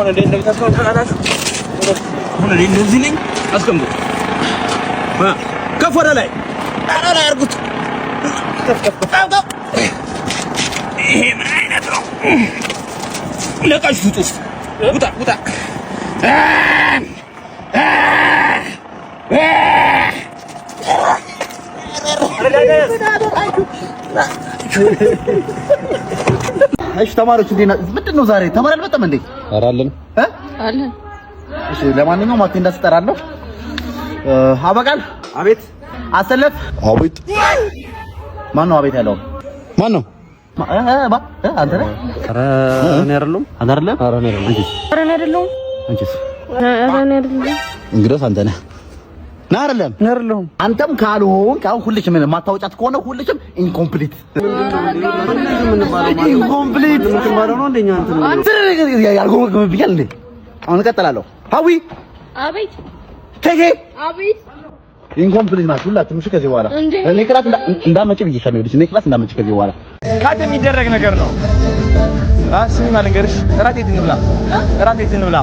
አሁን እንዴት እንደዚህ ነኝ አስቀምጡት። ከፍ ወደ ላይ አራራ ያርጉት። ይሄ ምን አይነት ነው? ለቃሽ ፍጡስ ውጣ ውጣ እሺ ተማሪዎች፣ ምንድን ነው ዛሬ ተማሪ አልመጣም እንዴ? አራለን አለን። እሺ፣ ለማንኛውም ማክቴ እንዳስጠራለሁ። አበቃል። አቤት። አሰለፍ። አቤት። ማን ነው አቤት ያለው? ማን ነው? አንተ ነህ? ኧረ እኔ አይደለሁም። አንተ አይደለህም? እኔ አይደለሁም። አንቺስ? ኧረ እኔ አይደለሁም። እንግዲያውስ አንተ ነህ። ናርለም ናርለም አንተም ካልሆን አሁን ሁልሽም የማታወጫት ከሆነ ሁልሽም ኢንኮምፕሊት ኢንኮምፕሊት አሁን እቀጥላለሁ። ሀዊ አቤት፣ እቴጌ አቤት። ኢንኮምፕሊት ናት ሁላችሁም። እሺ ከዚህ በኋላ እኔ ክላስ እንዳመጭ ብዬሻለሁ። እኔ ክላስ እንዳመጭ ከዚህ በኋላ ካደ የሚደረግ ነገር ነው። ስሚ ማልንገርሽ እራት የት እንብላ? እራት የት እንብላ?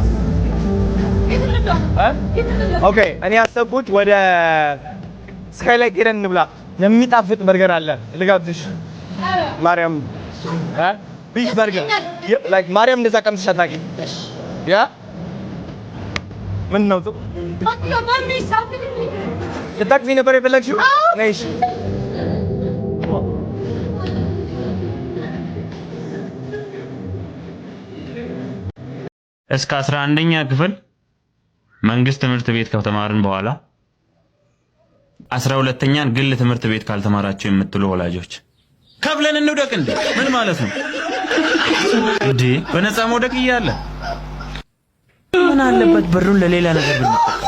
ኦኬ እኔ ያሰብኩት ወደ ስካይ ላይ ሄደን እንብላ። የሚጣፍጥ በርገር አለ ልጋብዝሽ። ማርያም ቢግ በርገር ላይክ ማርያም እንደዛ ቀምሰሽ አታውቂም? ያ ምን ነው ልታቅፊ ነበር የፈለግሽው? ነይሽ እስከ አስራ አንደኛ ክፍል መንግስት ትምህርት ቤት ከተማርን በኋላ አስራ ሁለተኛን ግል ትምህርት ቤት ካልተማራችሁ የምትሉ ወላጆች ከፍለን እንውደቅ እንዴ? ምን ማለት ነው እንዴ? በነፃ መውደቅ እያለ ምን አለበት ብሩን ለሌላ ነገር ብንጠቀም?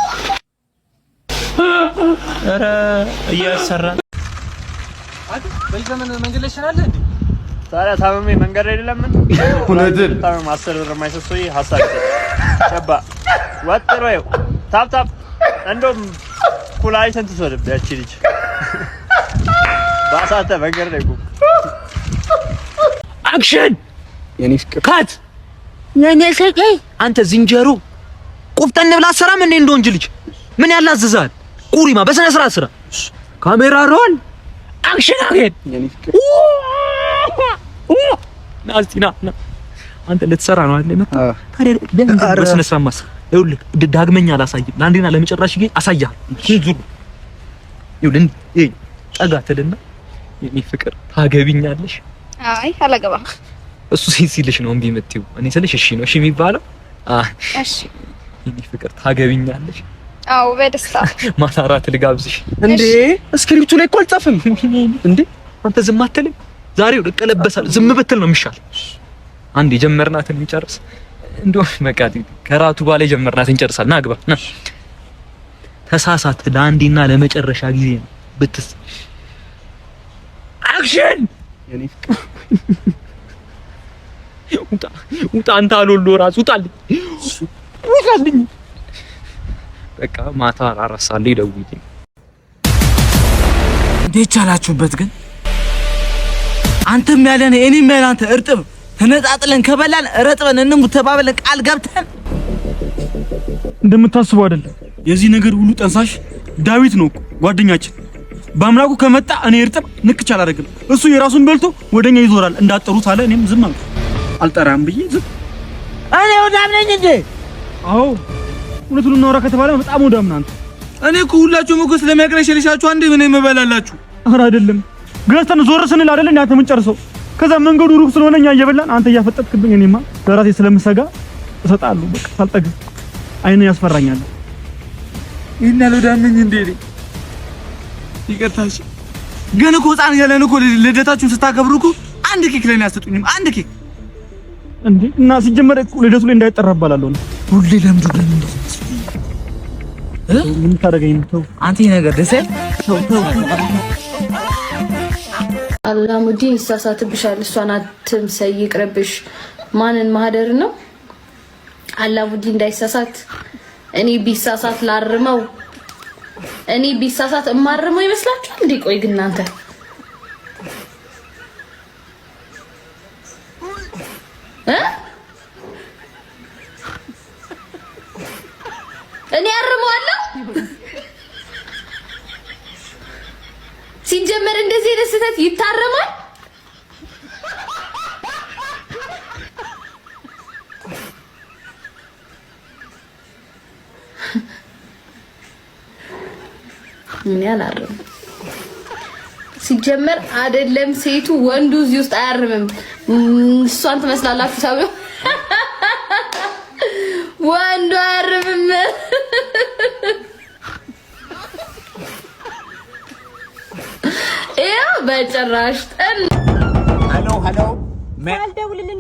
ኧረ እያሰራ በዘመን መንገድ ላይ ይችላል እንዴ? ታዲያ ታመሜ መንገድ አይደለም ምን ሁለትን ታመም አስር ብር የማይሰጥ ሰውዬ ሀሳብ ጨባ ወጥሮ ይኸው ታፕ እንደውም ኩላሊትን ትስወድብህ ያቺ ልጅ ባሳተ መንገድ ላይ ቁም። አክሽን! ካት የኔ ስቄ አንተ ዝንጀሮ ቁፍጠን ብላ አሰራም ምን እንደ ወንጅ ልጅ ምን ያላዝዛል? ቁሪማ በስነ ስርዓት ስራ። ካሜራ ሮል አክሽን! አገድ ናስቲና አንተ ልትሰራ ነው አይደል? መጣ ታዲያ ለምን በስነ ስርዓት ማሰራ ይኸውልህ ዳግመኛ አላሳይም። ለአንዴና ለመጨረሻ ጊዜ አሳያለሁ። ይኸውልህ ጠጋ ትልና የኔ ፍቅር ታገቢኛለሽ? አይ አላገባም። እሱ ሲልሽ ነው እምቢ የምትይው። እኔ ስልሽ እሺ ነው እሺ የሚባለው። እሺ የኔ ፍቅር ታገቢኛለሽ? አዎ በደስታ ማታ እራት ልጋብዝሽ። እንዴ እስክሪፕቱ ላይ እኮ አልጻፍም እንዴ አንተ ዝም አትልም? ዛሬው ልቀለበሳል። ዝም ብትል ነው የሚሻል። አንድ የጀመርናትን እንጨርስ። እንደው በቃ ከራቱ ባለ ጀመርናት እንጨርሳል። ና አግባ ና ተሳሳት። ለአንዴና ለመጨረሻ ጊዜ ነው ብትስ አክሽን ውጣ ውጣ፣ አንተ አልወሎ ራስ ውጣልኝ፣ ውጣልኝ። በቃ ማታ አራት ይደውልኝ። እንዴት ቻላችሁበት ግን? አንተም ያለ እኔም ያለ አንተ እርጥብ ተነጣጥለን ከበላን ረጥበን እንሙት ተባብለን ቃል ገብተን እንደምታስቡ አይደለም። የዚህ ነገር ሁሉ ጠንሳሽ ዳዊት ነው እኮ ጓደኛችን። በአምላኩ ከመጣ እኔ እርጥብ ንክች አላደርግም። እሱ የራሱን በልቶ ወደኛ ይዞራል። እንዳጠሩት አለ። እኔም ዝም አልኩ። አልጠራም ብዬ ዝም እኔ ወዳም ነኝ እንዴ? አዎ እውነቱን እናውራ ከተባለ በጣም ወዳም ነህ አንተ። እኔ እኮ ሁላችሁም እኮ ስለሚያቅለሸልሻችሁ አንዴ ምን የምበላላችሁ። ኧረ አይደለም ገዝተን ዞር ስንል አይደለም ያንተ ምን ጨርሰው ከዛ መንገዱ ሩቅ ስለሆነ እኛ እየበላን አንተ እያፈጠጥክብኝ፣ እኔማ ለራሴ ስለምሰጋ እሰጣለሁ። በቃ ሳልጠግ አይነ ያስፈራኛል። ይሄን ያለው ዳምኝ እንዴ ይቀርታሽ ግን እኮ ህፃን ያለን እኮ ልደታችሁን ስታከብሩ እኮ አንድ ኬክ ለኔ አሰጡኝም። አንድ ኬክ እንዴ እና ሲጀመር ልደቱ ላይ እንዳይጠራ እባላለሁ ነው ሁሌ ለምዱ ግን እ ምን ታደርገኝ? ተው አንተ ነገር ደሴ ተው ተው አላሙዲን ይሳሳትብሻል። እሷን ሰይ ይቅርብሽ። ማንን ማህደር ነው አላሙዲን እንዳይሳሳት። እኔ ቢሳሳት ላርመው፣ እኔ ቢሳሳት እማርመው ይመስላችኋል? እንዴ ቆይ ግን እናንተ ሲጀመር እንደዚህ አይነት ስህተት ይታረማል? ምን አላርም። ሲጀመር አይደለም ሴቱ ወንዱ እዚህ ውስጥ አያርምም። እሷን ትመስላላችሁ ሳቢው ወንዱ በጭራሽ ሄሎ ሄሎ አልደውልልህ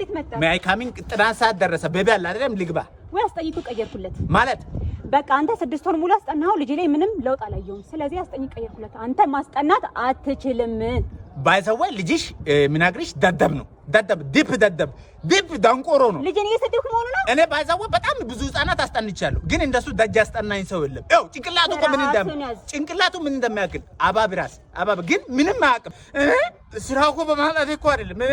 ጥናት ሰዓት ደረሰ። ቤቢ አለ አይደለም ልግባ ወይ አስጠይቁ ቀየርኩለት ማለት በቃ አንተ ስድስት ወር ሙሉ አስጠናኸው ልጅ ላይ ምንም ለውጥ አላየሁም። ስለዚህ አስጠኝ ቀየርኩለት። አንተ ማስጠናት አትችልም። ባይሰዋ ልጅሽ ምናግሪሽ ደደብ ነው ደደብ ዲፕ ደደብ ዲፕ ደንቆሮ ነው። ልጄን እየሰደብክ መሆኑ ነው። እኔ ባይዛው በጣም ብዙ ህፃናት አስጠንቻለሁ፣ ግን እንደሱ ደጅ አስጠናኝ ሰው የለም። ያው ጭንቅላቱ ምን እንደም ጭንቅላቱ ምን እንደሚያክል አባብ ራስ አባብ ግን ምንም አያውቅም። እኔ ስራ እኮ በማለት እኮ አይደለም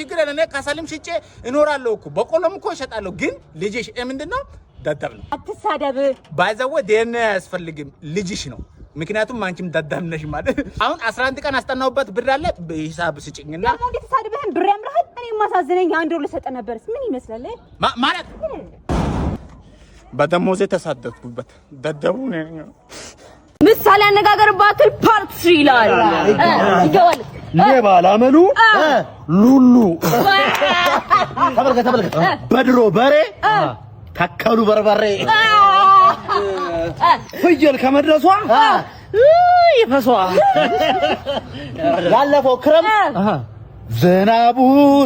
ችግር ለኔ ከሰልም ሽጬ እኖራለሁ እኮ በቆሎም እኮ እሸጣለሁ። ግን ልጅሽ ምንድን ነው ደደብ ነው። አትሳደብ። ባይዛው ዲኤንኤ አያስፈልግም። ልጅሽ ነው ምክንያቱም አንቺም ደዳም ነሽ ማለት አሁን 11 ቀን አስጠናውበት ብር አለ በሂሳብ ስጭኝና ደግሞ እንዴት ሳድብህን ብር ያምራል። እኔ ማሳዝነኝ አንድ ወር ልሰጠ ነበርስ ምን ይመስላል ማለት በደሞዜ ተሳደብኩበት። ደደቡ ምሳሌ አነጋገር ባትል ፓርት ስሪ ይላል ይገባል። ሌባ ላመሉ ሉሉ ተበልከ ተበልከ በድሮ በሬ ተከሉ በርበሬ ፍየል ከመድረሷ ይፈሷ ያለፈው ክረም ዝናቡ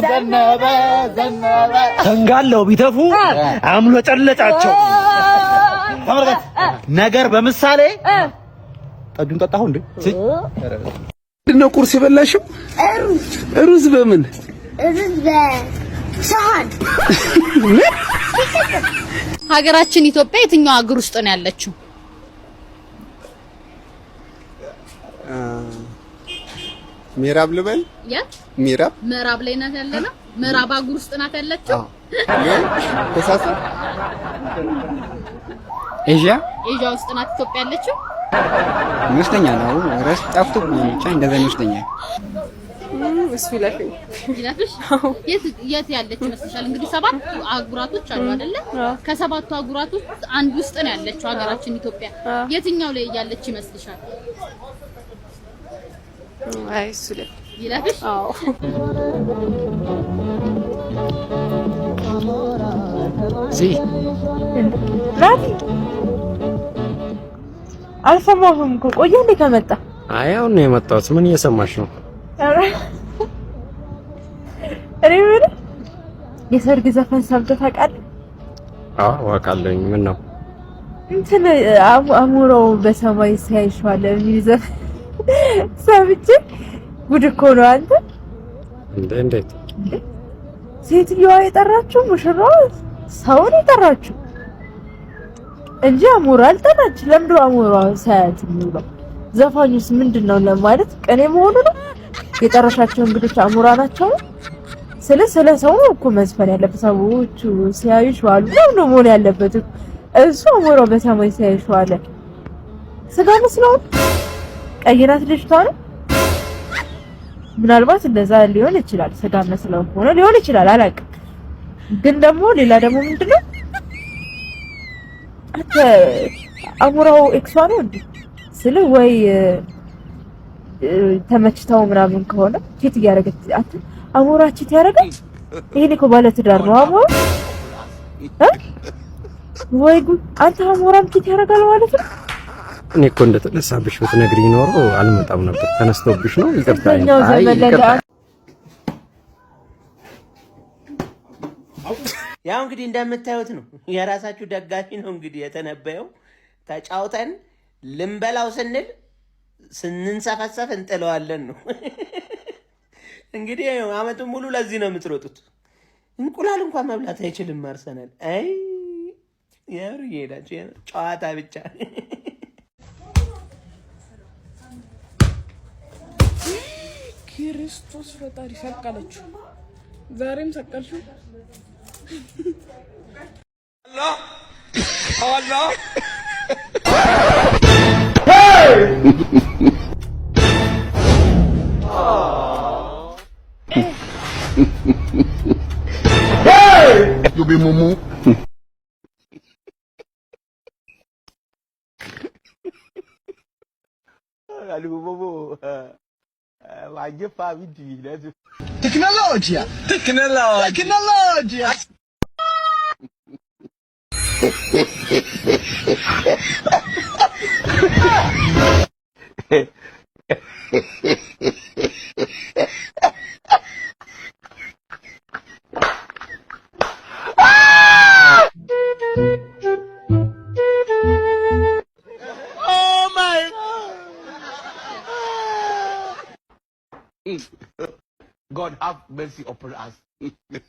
ዘነበ ዘነበ ተንጋለው ቢተፉ አምሎ ጨለጫቸው። ነገር በምሳሌ ጠጁን ጠጣሁ እንዴ? ምንድነው ቁርስ የበላሽው? ሩዝ በምን ሩዝ በሰሃን ሀገራችን ኢትዮጵያ የትኛው ሀገር ውስጥ ነው ያለችው? ምዕራብ ልበል? ያ ምዕራብ ምዕራብ ላይ ናት ያለ ነው። ምዕራብ ሀገር ውስጥ ናት ያለችው። ተሳሰ ኤዥያ ኤዥያ ውስጥ ናት ኢትዮጵያ ያለችው ይመስለኛል። ነው ራስ ጣፍቶ ብቻ እንደዛ ይመስለኛል። እሱ ይለፈኝ ይለፍሽ። የት የት ያለች ይመስልሻል? እንግዲህ ሰባት አጉራቶች አሉ አይደለ? ከሰባቱ አጉራቶች አንድ ውስጥ ነው ያለችው ሀገራችን ኢትዮጵያ። የትኛው ላይ ያለች ይመስልሻል? አይ እሱ ይለፍሽ። አዎ ዚ አልሰማሁም እኮ ቆየ እንደ ከመጣ አይ አሁን ነው የመጣሁት። ምን እየሰማሽ ነው? የሰርግ ዘፈን ሰምቶ ታውቃለህ? አዎ አውቃለሁኝ። ምን ነው እንትን አእምሮ በሰማይ ሲያይሻለ የሚል ዘፈን ሰምቼ ጉድ እኮ ነው አንተ። እንዴ እንዴት ሴትዮዋ የጠራችሁ ሙሽራዋ ሰውን የጠራችሁ እንጂ አእምሮ አልጠራች። ለምዶ አእምሮ ሳያት የሚውለው ዘፋኙስ ምንድን ነው ለማለት ቀኔ መሆኑ ነው። የጠራሻቸው እንግዶች አእምሮ ናቸው። ስለ ስለ ሰው ነው እኮ መዝፈን ያለበት። ሰዎቹ ሲያዩሽ ዋሉ ነው ነው መሆን ያለበት። እሱ አሞራው በሰማይ ሲያዩሽ ዋለ። ስጋ መስለው ቀይራት ልጅቷ ነው። ምናልባት እንደዛ ሊሆን ይችላል። ስጋ መስለው ሆነ ሊሆን ይችላል አላውቅም። ግን ደግሞ ሌላ ደግሞ ምንድነው አሞራው ኤክሷ ነው እንዴ ስለ ወይ ተመችተው ምናምን ከሆነ ፊት እያደረገች አሞራችት ያደርጋል። ይሄን እኮ ባለ ትዳር ነው አሞራ ወይ ጉድ! አንተ አሞራም ኪት ያደርጋል ማለት ነው። እኔ እኮ እንደተነሳብሽ ብትነግሪኝ ኖሮ አልመጣም ነበር። ተነስተውብሽ ነው። ይቅርታ። ያው እንግዲህ እንደምታዩት ነው። የራሳችሁ ደጋፊ ነው እንግዲህ የተነበየው። ተጫውተን ልንበላው ስንል ስንንሰፈሰፍ እንጥለዋለን ነው እንግዲህ አመቱን ሙሉ ለዚህ ነው የምትሮጡት። እንቁላል እንኳን መብላት አይችልም አርሰናል። አይ የምር እየሄዳችሁ ጨዋታ ብቻ ክርስቶስ ፈጣሪ ሰቀለችሁ ዛሬም ሰቀልችው። አላህ Oi, Mumu. Tecnologia! Tecnologia! Tecnologia! have mercy upon us.